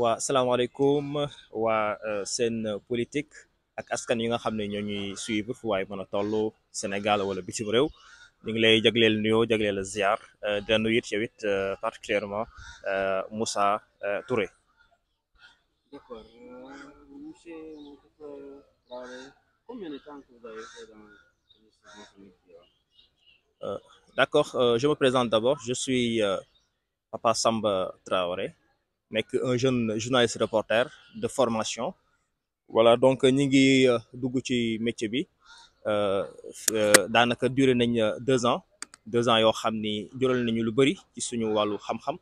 salam salaamaaleykum wa euh, scène politique ak askan yi nga xamné ne ñoo ñuy suivre fu waay mën Sénégal wala bitim rew ñu ngi lay jagleel nuyoo jagleel ziar euh, di la yit it yow euh, particulièrement Moussa Touré. D'accord, monsieur Touré combien de temps que vous avez fait dans le D'accord, je me présente d'abord, je suis Papa Samba Traoré nek un jeune journaliste reporter de formation voilà donc ñi ngi euh, dugg ci métier bi euh, euh danaka duré nañ 2 euh, ans 2 ans yo xamni ni jural nañu lu bari ci suñu walu xam-xam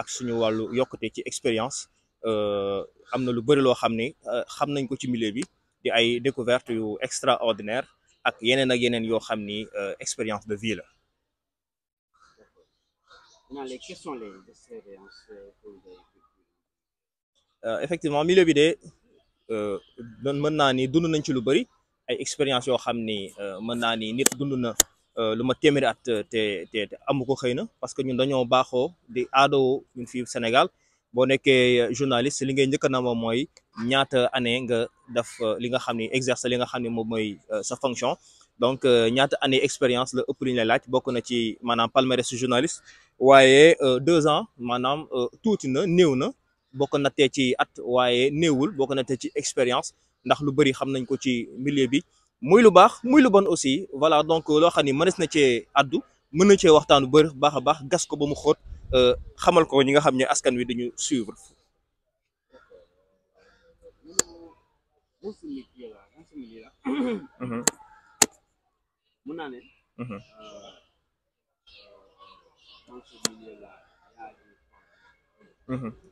ak suñu walu yokkute ci expérience euh amna lu bari lo xamni xam nañ ko ci milieu bi di ay découvertes yu extraordinaire ak yenen ak yenen yo xamni expérience de vie la. quelles sont les expériences que vous avez euh, effectivement milieu bi de euh, mën na ni dund nañ ci lu bari ay expérience yo xamni euh mën na ni nit dund na euh luma téméré at té euh, té amuko xeyna parce que ñun dañoo baxo di ado ñun fi Sénégal bo nekké journaliste li ngay ñëk na moom mooy ñaata année nga def li nga xamni ni exercer li nga xamni ni moom mooy sa fonction donc ñaata année expérience le ëpp li ñu lay na ci manam palmarès journaliste wayé 2 ans manam tuuti na néew na boo ko nattee ci at waaye néewul boo ko nattee ci expérience ndax lu bari xam nañ ko ci milieu bi muy lu baax muy lu bon aussi voilà donc loo xam ni mënees na cee addu mën na cee waxtaanu bëri baax a baax gas ko ba mu xóot euh, xamal ko ñi nga xam ne askan wi dañu suivre. Mm-hmm.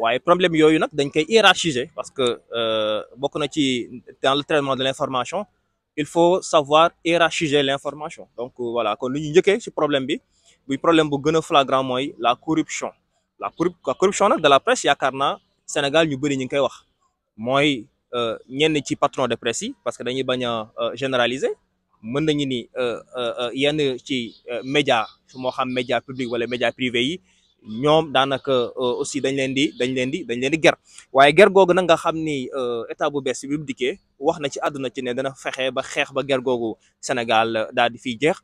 le problème yooyu nak, dañ koy hiérarchiser parce que euh, na ci dans le traitement de l'information il faut savoir hiérarchiser l'information donc euh, voilà kon lu ñu ce ci problème bi le problème bu plus flagrant moi, la corruption la corruption nak de la presse yaakaar naa Sénégal ñu bëri ñu ngi koy wax euh, ñenn ci patron de presse parce que dañuy bañ a euh, généraliser mën nañu ni euh, yenn ci média moo xam média public wala média privé privés. ñoom daanaka euh, aussi dañ leen di dañ leen di dañ leen di ger waaye ger googu nag nga xam ni euh, état bu bees bi mu dikkee wax na ci àdduna ci ne dana fexe ba xeex ba ger googu Sénégal euh, daal di fiy jeex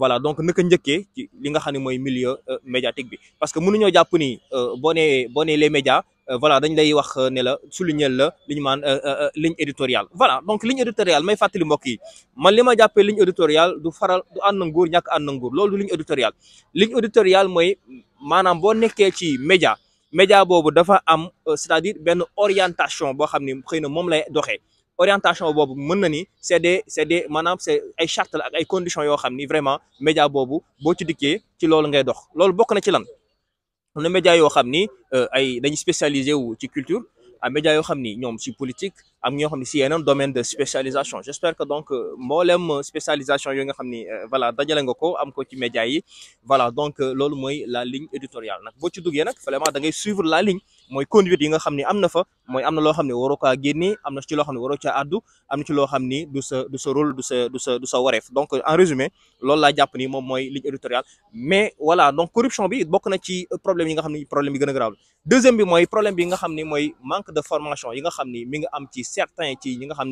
voilà donc naka njëkkee ci li nga xam ne mooy milieu médiatique bi parce que mënuñoo jàpp ni boo nee boo nee les Euh, voilà dañ lay wax euh, né la souligner la li euh, ligne éditoriale voilà donc ligne éditoriale may fatali mbok yi man lima jappé ligne éditoriale du faral du and na ñak and ànd na du ligne éditoriale ligne éditoriale mooy manam bo nekkee ci média média bobu dafa am c'est-à-dire ben orientation bo xamni xeyna mom lay doxé orientation bobu mën na ni c'est des c'est des manam c'est ay charte ak ay conditions yo xamni vraiment média bobu bo ci dikké ci loolu ngay dox loolu bok na ci lan les médias média yoo euh, ay culture des média yoo sont politiques. politique am ñoo ici un domaine de spécialisation j'espère que donc euh, molem spécialisation yooyu nga xam euh, voilà dajale nga ko am ko ci média yi voilà donc euh, lolu moy la ligne éditoriale nak bo ci duggee nak vraiment da ngay suivre la ligne moy conduite yi nga xamni amna fa moy amna lo xamni xam ne waroo kaa génne am na ci loo xam ci lo xamni ni du sa du rôle du sa du sa du sa donc en résumé lolu la japp ni mom moy ligne éditoriale mais voilà donc corruption bi bok na ci problème yi nga xamni ni problème yi gëna grave deuxième bi moy problème bi nga xamni moy manque de formation yi nga xamni mi nga am ci certains ci ñi nga xam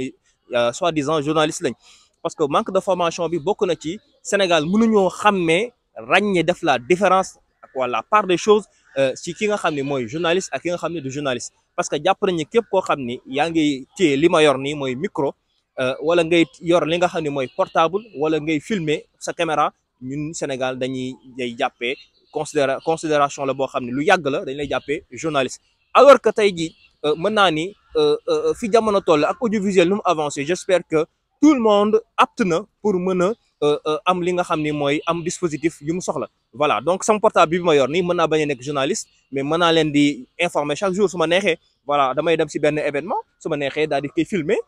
euh, soi-disant journaliste lañ parce que manque de formation bi bokk na ci Sénégal mënuñoo xàmmee de def la différence ak wala la part des choses euh, ci ki nga xam ne journaliste ak ki nga xam du journaliste parce que jàpp nañu képp koo xam ni yaa ngi téye li ma yor ni moi micro euh, wala alors yor li nga xam ne mooy portable wala il filmer sa caméra ñun Sénégal dañuy day jàppee considération la bon xam le lu d'ailleurs la dañ lay journaliste alors que tey jii euh, mën naa ni euh, euh, fi jamono toll ak audiovisuel nous mu j'espère que tout le monde apte pour mën a am li nga xam ni am dispositif yum mu soxla voilà donc sans portable bi bi ma yor nii mën bañ journaliste mais mën naa di informer chaque jour su ma voilà damay dem si benn événement su ma neexee daal di koy filmer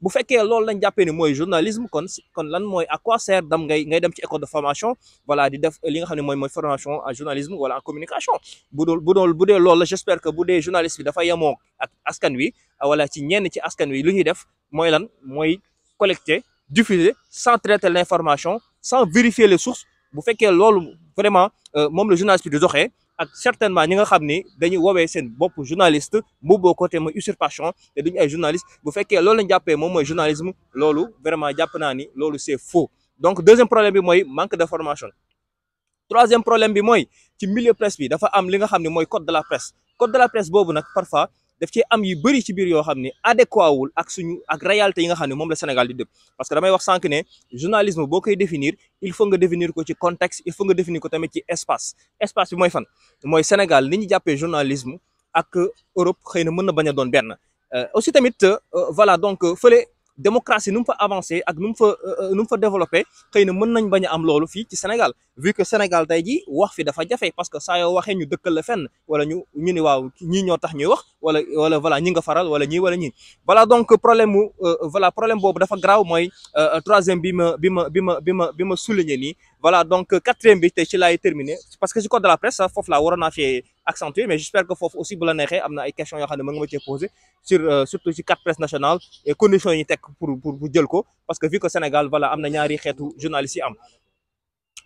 bu fekkee loolu lañ jàppee ni mooy journalisme kon kon lan mooy à quoi sert dam ngay ngay dem ci école de formation voilà di def li nga xam ne mooy mooy formation en journalisme wala en communication bu dool bu dool bu dee loolu la j'espère que bu dee journaliste bi dafa yemoo ak askan wi wala ci ñenn ci askan wi lu ñuy def mooy lan mooy collecter diffuser sans traiter l'information sans vérifier les sources bu fekkee loolu vraiment euh, moom la journaliste bi di doxee ak certainement ñi nga xam ni dañuy woowee seen bopp journaliste mu boo côté ma usurpation té duñ ay journaliste bu féké loolu lañ jappé moom mooy journalisme loolu vraiment japp naa ni loolu c'est faux donc deuxième problème bi moy manque de formation troisième problème bi moy ci milieu presse bi dafa am li nga xamni moy code de la presse code de la presse bobu nak parfois daf ci am yu bëri ci biir yo xamni ne ak suñu ak réalité yi nga xamni mom moom la Sénégal di deb parce que damay wax sànq journalisme bokay définir il faut nga définir ko ci contexte il faut nga définir ko tamit ci espace espace bi moy fan moy Sénégal ni ñu jàppee journalisme ak Europe xeyna mëna baña doon ben euh, aussi tamit euh, voilà donc fële démocratie nous faut avancer avancé ak nu mu fa euh, euh, nu mu fa développé xëy na mën nañ bañ am loolu fii ci Sénégal vu que Sénégal tey jii wax fi dafa jafe parce que ça yoo waxee ñu dëkkal la fenn wala ñu ñu ni waaw ñii ñoo tax ñuy wax wala wala voilà ñi nga faral wala ñii wala ñii voilà donc problème euh, voilà problème boobu dafa grave mooy troisième bi ma bi ma bi ma bi ma voilà donc quatrième bi tey ci laay terminé parce que ci code de la presse foofu la waroon naa fee accentuer mais j'espère que foofu aussi bu la neexee am ay questions yoo xam ne mën sur poser sur euh, surtout ci quatre presse nationale et conditions yi tech pour pour pour jël ko parce que vu que Sénégal voilà am na ñaari xeetu journalistes am.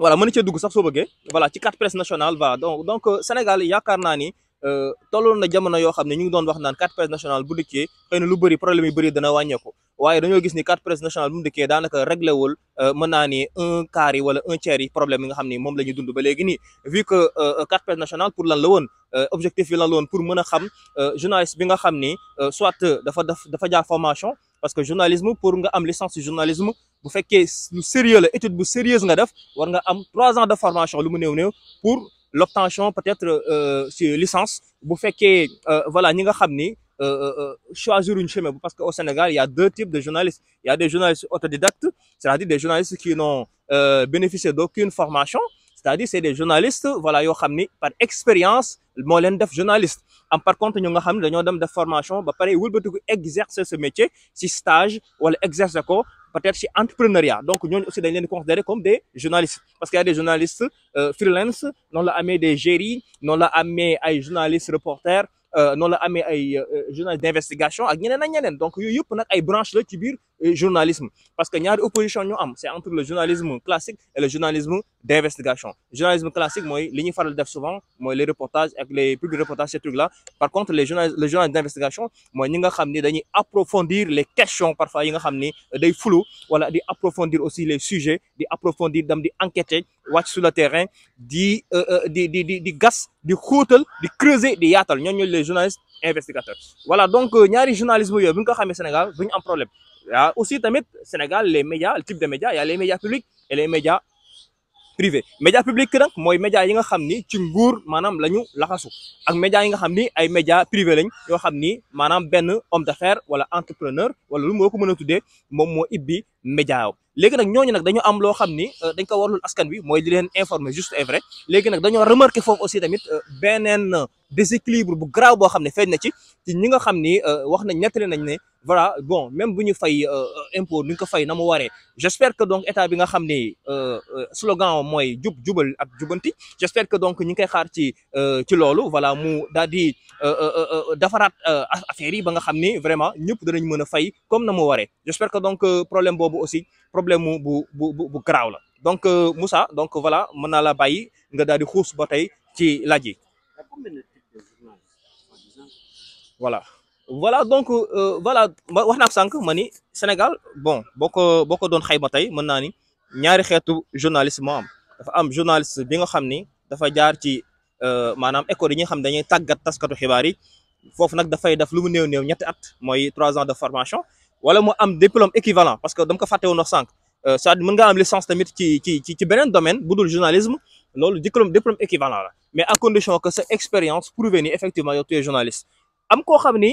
voilà mën na cee dugg sax soo bëggee voilà ci quatre presse nationale voilà donc donc euh, Sénégal y a ni. Euh, tolloon na jamono yo xam ñu ngi doon wax naan carte presse nationale bu dikké xeyna lu bari problème yu bëri dana wàññeeku waye dañu gis ni carte presse nationale bu dikké dikkee daanaka réglé wul euh, mën ni un quart yi wala un tiers yi problème yi nga xamni mom lañu dund ba légui ni vu que euh, carte presse nationale pour lan la woon objectif yi lan la woon pour mëna xam journaliste bi nga xamni soit dafa dafa jaar formation parce que journalisme pour nga am licence journalisme bu fekkee lu sérieux la étude bu sérieuse nga def war nga am 3 ans de formation lu mu néw néw pour l'obtention peut-être euh, sur licence vous que que, voilà ñi nga euh, euh, choisir une chemin parce qu'au Sénégal il y a deux types de journalistes il y a des journalistes autodidactes c'est-à-dire des journalistes qui n'ont bénéficié d'aucune formation c'est-à-dire c'est des journalistes voilà yo ont, par expérience moo def journaliste am par contre ñu nga xam ne dañoo dem def formation ba pare wëlbatiku exercer ce métier ci stage wala exercer ko peut-être ci entrepreneuriat donc ñooñu aussi dañ leen considérer comme des journalistes parce qu'il y a des journalistes euh, freelance non la amé des géris non la amé ay journalistes reporters euh, non la amé ay euh, journalistes d'investigation ak ñeneen ak ñeneen donc yooyu yëpp nag ay branche la ci bir journalisme parce que y opposition une opposition, c'est entre le journalisme classique et le journalisme d'investigation journalisme classique mooy li ñuy faral souvent moi les reportages les publics reportages ces trucs là par contre les le journalisme d'investigation il ñi approfondir les questions parfois yi nga des flou approfondir aussi les sujets d'approfondir, approfondir dem sur le terrain di gaz euh, euh, di di creuser di les journalistes investigateurs voilà donc euh, ñaari journalisme a bu ko au Sénégal bu ñu un problème ah aussi tamit Sénégal les médias le type de médias il y a les médias publics et les médias privés médias publics donc moy média yi nga xamni ci nguur manam lañu ñu laxasu ak média yi nga xamni ay médias privés lañ yo xamni manam maanaam benn homme d'affaires wala entrepreneur wala lu moko ko tuddé mom mo ibbi média légui nak ñoñu nak dañu am lo xamni euh, dañ ko warul askan bi moy di leen informer juste et vrai légui nak dañu remarquer foofu aussi tamit euh, benen déséquilibre bu grave bo xam ne na ci ci ñi nga xamni euh, wax nañ nettali nañ né voilà bon même buñu ñu fay euh, euh, impôt nu ñu ko fay na waré j'espère que donc état bi nga xamné euh, euh, slogan moy djub djubal ak djubanti j'espère que donc ñu ngi xaar ci ci lolu voilà mu euh, di defaraat affaire yi ba nga xamné vraiment ñëpp dañu mëna fay comme na waré j'espère que donc problème bobu aussi problème mu bu bu bu garaaw la donc Moussa donc voilà mëna la bayyi nga dadi di xuus ba ci laji voilà voilà donc euh, voilà wax naa ko sànq Sénégal bon boko boko boo ko tay xayma tey ni ñaari xétu journalisme moo am dafa am journaliste bi nga xamni dafa jaar ci euh, manam école yi nga xam dañuy tagat taskatu xibaar fofu nak nag dafay def lu mu néew néew ñetti at moy 3 ans de formation wala mo am diplôme équivalent parce que dama ko faté won wax sànq euh, c'est-à-dire mën nga am licence tamit ci ci ci benen domaine bu journalisme lolu diplôme diplôme équivalent la mais à condition que sa expérience prouve ni effectivement yow tu es journaliste am ko xamni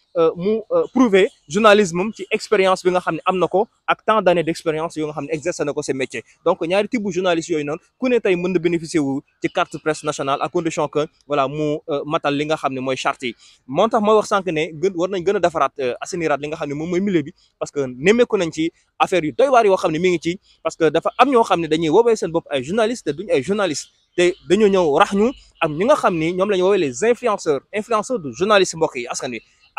Euh, mu euh, prouver journalisme ci expérience bi nga xam amna ko ak tant d'années d'expérience yo nga xam exercer nako ce métier donc ñaari type journaliste yooyu noonu ku ne tay mën bénéficier wu ci carte presse nationale à condition que voilà mu euh, matal li nga xam moy charte montax moo wax sank ne gën war nañ gëna a defaraat li nga xam mom moy milieu bi parce que ko nañ ci affaire yu doy war yo xam mi ngi ci parce que dafa am ñoo xam dañuy woowee seen bop ay journaliste te duñ ay journaliste té dañu ñëw rax ñu am ñi nga xam ñom lañu la les influenceurs influenceurs du journalistes mbokk yi askan wi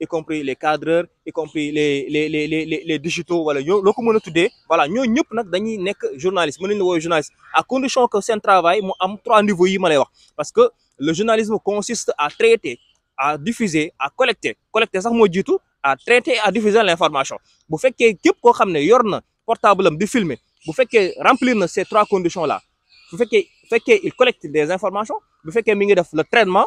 y compris les cadreurs y compris les les les les les digitaux voilà nous nous ko mën voilà nous nous dañuy nek à condition que c'est un travail mu am trois niveaux parce que le journalisme consiste à traiter à diffuser à collecter collecter sax du tout à traiter à diffuser l'information vous faites que qui xam ne yor portable de di filmer bu que remplir ces trois conditions là bu fekkee fekkee il collecte des informations bu faites mi ngi le traitement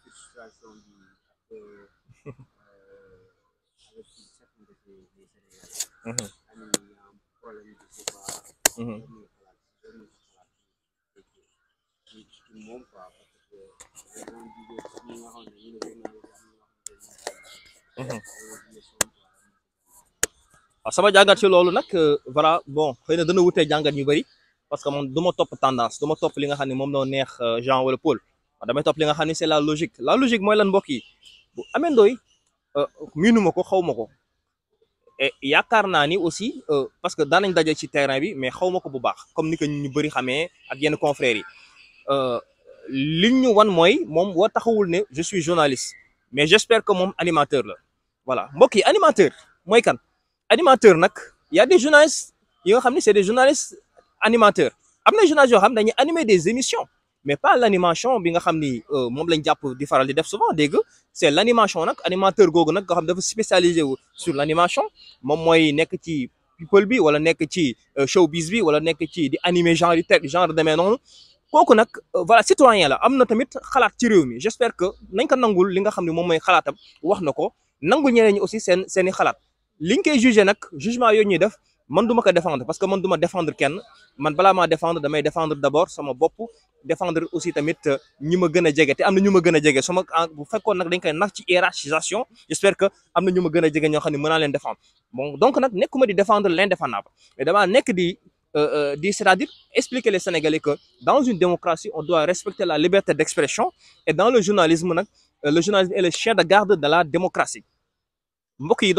ça mm-hmm. mm-hmm. ah, va jàngat ci euh, voilà bon dana jàngat ñu parce que mon tendance top li nga euh, Jean Paul c'est la logique la logique moi lan mbokk et yaakaar naa ni aussi euh, parce que dans dajé ci terrain bi mais xaw ko bu baax comme ni ko ñu bari xamé ak yenn confrères yi euh, liñ ñu wan moy mom taxawul ne je suis journaliste mais j'espère que mom animateur la voilà mbokk animateur moy kan animateur il y a des journalistes yi nga c'est des journalistes animateurs am journalistes yo xam dañuy animer des émissions mais pas l'animation bi nga xamni euh mom lañ japp di faral di def souvent dégg c'est l'animation nak animateur googu nak nga xam dafa spécialisé sur l'animation mom moy nek ci people bi wala nek ci euh, showbiz bi wala nek ci di animer genre yu genre demee non kooku nak euh, voilà citoyen la amna tamit xalat ci réew mi que nañ ko nangul li nga xamni mom moy xalatam wax nako nangul ñeneen aussi sen sen xalat xalaat liñ koy juger nak jugement yooyu ñi def man ne ma ko défendre parce que man du ma défendre kenn man bala ma défendre damay défendre d'abord, sama bop défendre aussi tamit euh, ñima qui gën té amna ñuma gëna na sama a une ah, bu dañ koy nax ci hiérarchisation j'espère que amna ñuma gëna ño a mëna défendre bon donc nak nekkuma di défendre l'indéfendable mais dama nekk di euh, euh, di à dire expliquer les Sénégalais que dans une démocratie on doit respecter la liberté d'expression et dans le journalisme le journalisme est le chien de garde de la démocratie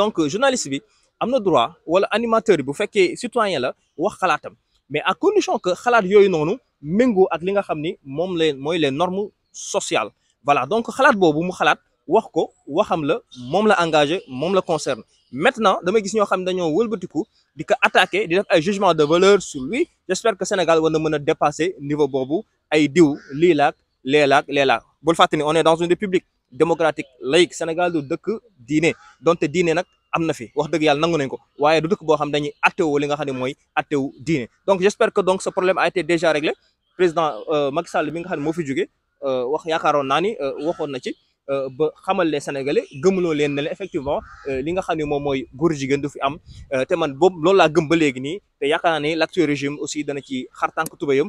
donc journaliste bi amna droit wala animateur bu fekkee citoyen la wax khalatam mais à condition que khalat yoy nonou mengo ak li nga xamni mom moom moy les normes sociales voilà donc khalat bobu mu khalat wax ko waxam la mom la engagé mom la concerne maintenant dama gis ño xam ne dañoo wëlbatiku di ko attaquer di def ay jugement de valeur sur lui j'espère que Sénégal war na mën dépasser niveau bobu ay diw lii laak lee laak lee on est dans une république démocratique laïque Sénégal du deuk diine donte diine nak am na fi wax dëgg yàlla nangu nañ ko waaye du dëkk boo xam dañuy attewu li nga xam ne mooy attewu diine donc j'espère que donc ce problème a été déjà réglé président euh, Macky Sall mi nga xam ne moo fi jóge euh, wax yaakaaroon naa ni euh, waxoon na ci ba xamal les sénégalais gëmuloo leen ne effectivement li nga xam ne moom mooy góor jigéen du fi am te man boobu loolu laa gëm ba léegi ni te yaakaar naa ni l'actuel régime aussi dana ci xar tànk tubéyam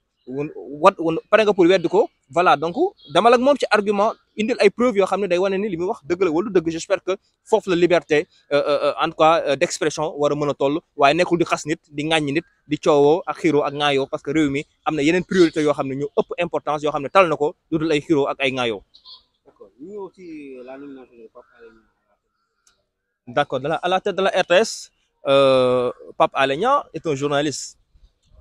wat pare nga pour weddi ko voilà donc dama lak mom ci argument indil ay preuves yo xam day wone ni limi wax dëgg la wala j'espère que foofu la liberté euh, euh, euh en tout cas euh, d'expression war meuna toll waaye nekul di xas nit di ngagn nit di coowoo ak xiro ak ngaayo parce que réew mi am na priorité yo xam ne ñu ëpp importance yo xam ne tal na ko ay xiro ak ay ngaayo d'accord ñu ñëw ci la nomination de Pape Alé Niang. la à la tête de la RTS Pape Alé Niang est un journaliste.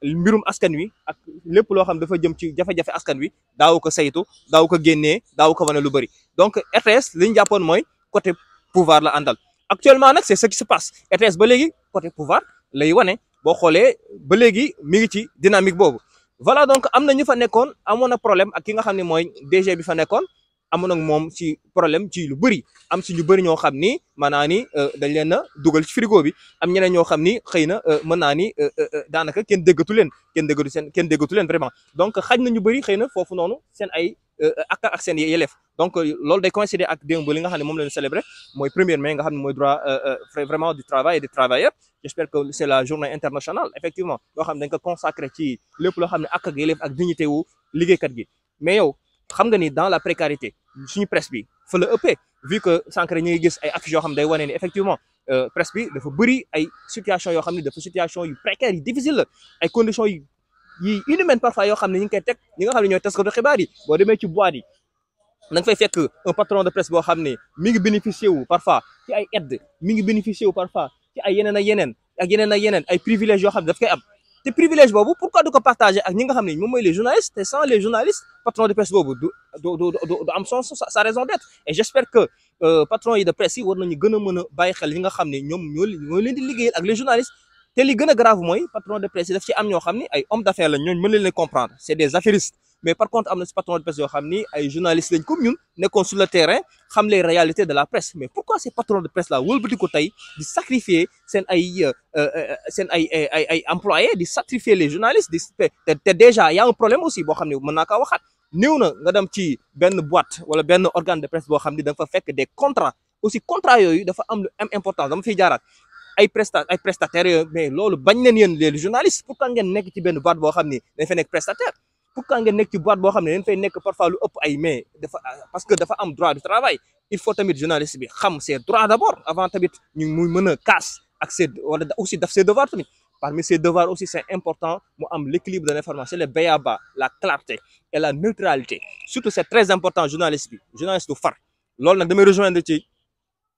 mbirum askan wi ak lepp lo xam dafa jëm ci jafé jafé askan wi daaw ko saytu daaw ko génnee daaw ko wane lu bëri donc RTS li ñu jàppoon mooy côté pouvoir la andal actuellement nak c'est ce qui se passe RTS ba légui côté pouvoir lay wane bo xolé ba légui mi ngi ci dynamique bobu voilà donc amna ñu fa nekkoon amoon problème ak ki nga xamni moy DG bi fa nekkoon amoon ak mom si problème ci lu bëri am si ñu bëri ñoo manani ni euh, dañ leen a ci frigo bi am ñeneen ño xamni xeyna manani euh, danaka mën deggatu ni euh, daanaka kenn déggatu leen kenn déggatu seen kenn déggatu leen vraiment donc xaj nañu ñu xeyna fofu nonu sen ay ak ak sen yelef donc loolu day coïncider ak démb li nga xamni mom lañu la ñu célébrer mooy premier mai nga xamni moy droit vraiment du travail et des travailleurs j'espère que c'est la journée internationale effectivement yoo xamni ne dañ ko consacré ci lepp lo xamni ak ak yelleef ak dignité wu liggéeykat gi mais yow xam nga ni dans la précarité suñu presse bi fa la ëppee vu que sànq rek ñu gis ay affiches yo xam day wane ni effectivement euh presse bi dafa bëri ay situation yo xam dafa situation yu précaire yu difficile la ay conditions yu yi inhumaines parfois yo xam ñi ngi koy teg ñi nga xam ne ñooy taskatu xibaar yi bo démé ci bois yi na nga fay fekk un patron de presse bo xam mi ngi bénéficier wu parfois ci ay aide mi ngi bénéficier wu parfois ci ay yenen ak yenen ak yenen ak yenen ay privilèges yo xam daf koy am te privilège boobu pourquoi du partager ak ñi nga xam les journalistes te sans les journalistes patron de presse boobu du du du du am son sa raison d'être et j'espère que euh, patron de presse yi war nañu gën a mën a xel ñi nga xam ne ñoom ñoo leen di ak les journalistes te li gën grave mooy patron de presse yi daf ci am ñoo xam ay hommes d'affaires lañ ñooñu mën le comprendre c'est des affairistes mais par contre amna na patron de presse yo xamni ay journalistes lañ comme ñun nekkoon sur le terrain xam les réalités de la presse mais pourquoi ces patrons de presse là wëlbati ko tey di sacrifier sen ay euh, euh, sen ay ay ay employés di sacrifier les journalistes di te déjà y a un problème aussi bo xamni mëna mën waxat kaa na nga dem ci ben boîte wala ben organe de presse bo xamni ni da fa fekk des contrats aussi contrat yoyu dafa am lu am importance dama fi jaaraat. ay presta ay prestataires mais lolu bagn len yéen les journalistes pourquoi ngeen nek ci ben boîte bo xamni dañ fa nek prestataire pourquoi nga nekk ci boîte bo xam ne dañ fay nekk parfois lu upp ay mais dafa parce que dafa am droit du travail il faut tamit journaliste bi xam ses droits d'abord avant tamit ñu muy mëna casse ak ses wala aussi daf ses devoirs tamit parmi ses devoirs aussi c'est important mu am l'équilibre de l'information le ba la clarté et la neutralité surtout c'est très important journaliste bi journaliste du far lool nak damay rejoindre ci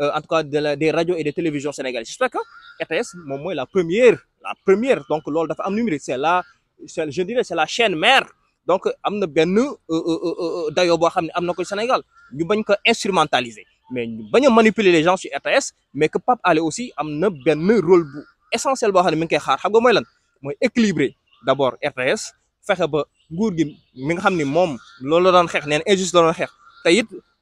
Euh, en tout cas de la, des radios et des télévisions sénégalaises j'espère que RTS moom la première la première donc l'ordre dafa am numérique c'est là je dirais c'est la chaîne mère donc am na benn euh, euh, dayoo boo xam ne am ko Sénégal ñu bañ ko instrumentaliser mais nous bañ manipuler les gens sur RTS mais que Pape aller aussi am na rôle essentiel bo xam mi ngi koy xaar xam nga moy lan moy équilibrer d'abord RTS fexe ba nguur gi mi nga xam ni moom loolu la doon xeex neen injuste la doon xex tayit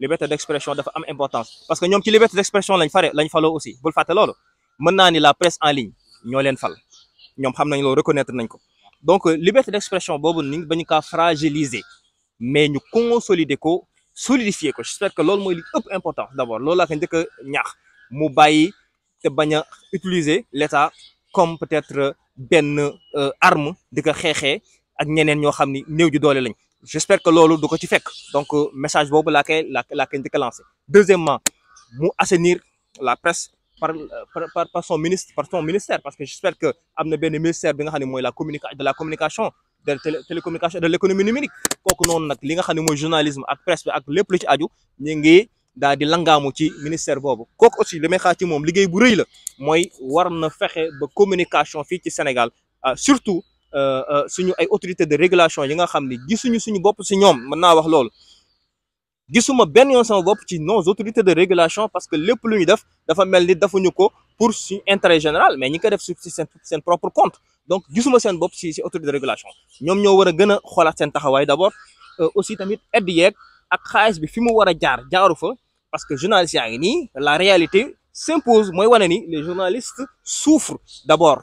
liberté d'expression dafa am importance parce que ñom ci liberté d'expression lañ faré lañ falo aussi bul faté loolu mën ni la presse en ligne ñoo leen fal ñom xam nañ lo reconnaître nañ ko donc euh, liberté d'expression, bobu boobu ni bañu kaa fragiliser mais ñu consolider ko solidifier ko j'espère que loolu moy li ëpp important D'abord, abord loolu la ko ñëk a ñaax mu bayyi te baña a utiliser l'état comme peut-être euh, arme de ko xeexee ak ñeneen ño xamni ni ju doole lañ j'espère que lolo du ci fek donc euh, message bobu la koy la laa koy deuxièmement mu assainir la presse par par par son ministre par son ministère parce que j'espère que am ben ministère bi nga xamni moy la communication de la communication de la télécommunication de l'économie numérique kooku non nak li nga xamni moy journalisme ak presse bi ak lepp lu ci aju ñu ngi daal di ci ministère bobu kok aussi li may xati ci moom liggéey bu reuy la moy war na ba communication fi ci Sénégal euh, surtout. Euh, euh, suñu ay autorité de régulation yi nga xamni gisunu suñu bop ci ñom mën naa wax lool gisuma ben yon sama bop ci nos autorités de régulation parce que lepp lu ñu def dafa mel ni dafuñu ko pour suñu intérêt général mais ñi ko def si seen seen propre compte donc gisuma sen bop ci ci autorité de régulation ñom ñoo wara gëna gën sen taxaway d'abord euh, d'abord aussi tamit aide yeeg ak xaalis bi fi mu war jaar jaaru fa parce que journalistes yaa ngi la réalité s'impose moy wane ni les journalistes souffrent d'abord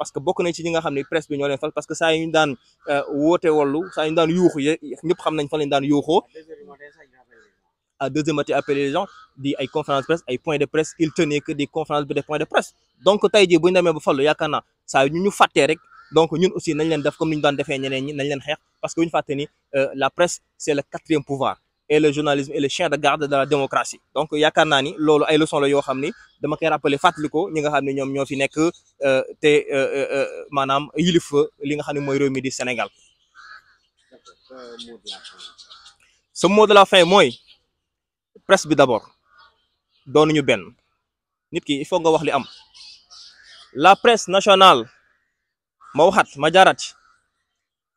parce que bokk nañ ci ñi nga presse bi ñoo fal parce que ça yu ñu daan euh, woote wallu ça yu ñu daan yuuxu ñep xam nañ fa lañ daan yuuxoo à deuxième matin appelé les gens di ay conférence presse ay point de presse il tenait que des conférences des points de presse donc tay jii bu ñu demee ba fallu yakana ça saa ñu faté rek donc ñun aussi nañ leen def comme ñu daan défé ñeneen ñi nañ leen xex parce que bu ñu fàtte ni euh, la presse c'est le quatrième pouvoir et le journalisme est le chien de garde de la démocratie donc il y a ay leçons la yoo xam dama koy rappeler que nous avons nga que nous avons Sénégal. ce mot de la fin la presse bi d'abord doonuñu benn nit il faut nga la presse nationale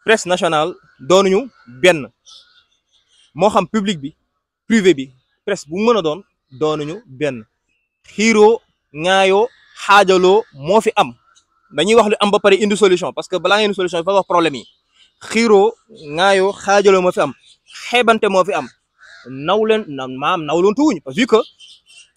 presse nationale mo xam public bi privé bi presse bu meuna don doon doonuñu benn xiiroo ŋaayoo xaajaloo moo fi am dañuy wax lu am ba pare indi solution parce que balaa ngeen indi solution fa wax problème yi xiro ngaayo xaajaloo mo fi am xébanté mo fi am nawlen leen na maam naw loon parce que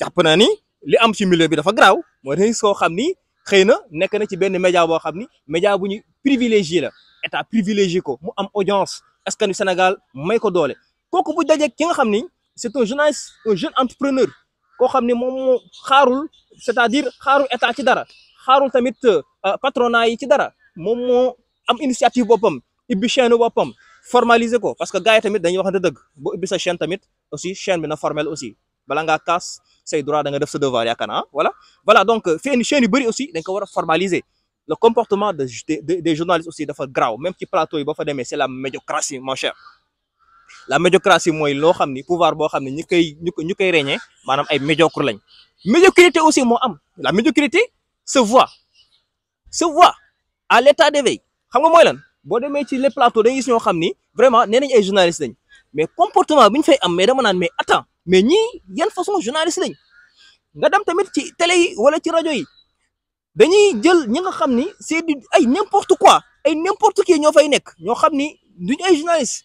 jàpp naa ni li am ci milieu bi dafa graw mo dañuy so xam ni xëy na na ci ben média bo xamni média buñu privilégié la état privilégié ko mu am audience que wi Sénégal may ko doole kooku bu dajé ki nga xamni c'est un journaliste un jeune entrepreneur ko xamni mom xarul c'est-à-dire xarul état ci dara xarul tamit euh, patronat yi ci dara mom moo am initiative bopam ibbi chaîne bopam formaliser ko parce que gars yi tamit dañuy de deug bu ibbi sa chaîne tamit aussi chaîne bi na formel aussi bala nga casse say droit da nga def sa devoir yakana voilà voilà donc euh, fii une chaîne yu aussi dañ ko wara formaliser le comportement des des journalistes aussi dafa grave même ci plateau yi ba fa demee c'est la médiocratie mon cher la médiocratie moy lo xamni pouvoir bo xamni ne ñi koy ñu koy ñu koy ay médiocre lañ médiocrité aussi mo am la médiocrité se voit se voit à l'état d'éveil xam nga moy lan bo démé ci les plateaux dañuy gis ñoo xamni vraiment nee ay journalistes lañ mais comportement buñ fay am mais dama nan mais attends mais ñi yeen façon journaliste lañ nga dam tamit ci télé yi wala ci radio yi dañuy jël ñi nga ni c'est du ay n'importe quoi ay n'importe qui ñoo fay nek ñoo xamni duñ ay journaliste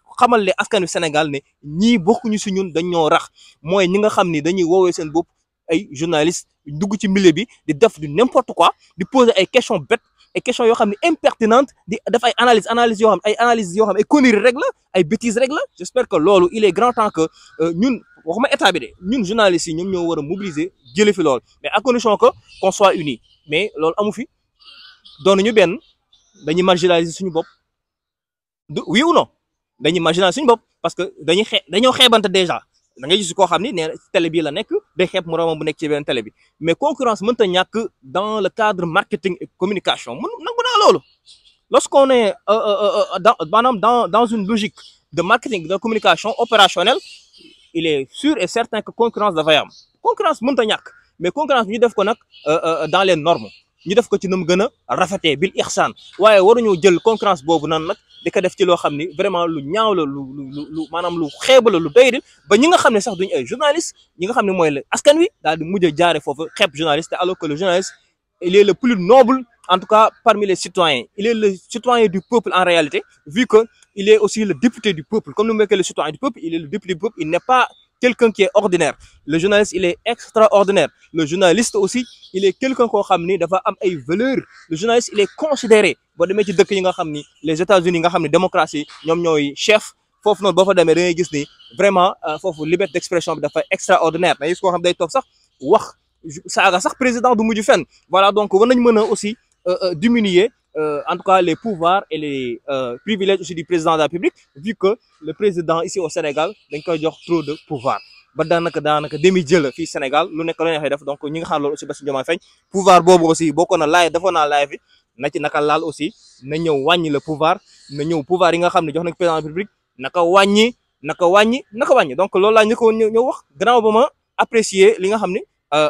Les le du Sénégal ne bokku ñu ñun dañ rax nga dañuy journaliste dugg ci milieu bi di def n'importe quoi di poser ay questions bêtes des questions yo xamni impertinentes di def ay analyse analyse analyse bêtises j'espère que il est grand temps que euh, ñun waxuma de ñun journalistes yi ñoo wara mobiliser jëlee fi lool mais à condition que qu'on soit unis mais lolu amu fi ñu ben dañuy marginaliser suñu oui ou non parce que dañu déjà da télé la mais concurrence dans le cadre marketing et communication lorsqu'on est euh, euh, euh, dans une logique de marketing de communication opérationnelle il est sûr et certain que concurrence da La concurrence je ñak mais concurrence ñu def dans les normes ñu def ko ci nu gëna gën bil ihsan bil waru ñu jël concurrence bobu nan nak di ko def ci lo xamni vraiment lu ñaaw la lu lu manam lu xeeb la lu doy ba ñi nga xam sax duñ ay journaliste ñi nga xam ne mooy la askan wi dal di mujj jaaré fofu foofu xeeb journaliste alors que le journaliste il est le plus noble en tout cas parmi les citoyens il est le citoyen du peuple en réalité vu que il est aussi le député du peuple comme nous mu le citoyen du peuple il est le député du peuple il n'est pas quelqu'un qui est ordinaire le journaliste il est extraordinaire le journaliste aussi il est quelqu'un qu'on a ni dafa am valeur le journaliste il est considéré ci que les États-Unis nga xam démocratie ñoom ñooy chef foofu non boo gis ni vraiment euh, liberté d'expression dafa extraordinaire Mais ce qu'on xam day tok sax wax saga sax président du muju voilà donc on nañ a aussi euh, euh, diminuer euh, en tout cas les pouvoirs et les euh, privilèges aussi du président de la République vu que le président ici au Sénégal n'a trop de pouvoir ba daanaka demi Sénégal donc nous aussi pouvoir aussi beaucoup na live, aussi le pouvoir na pouvoir président de la République donc donc apprécier euh,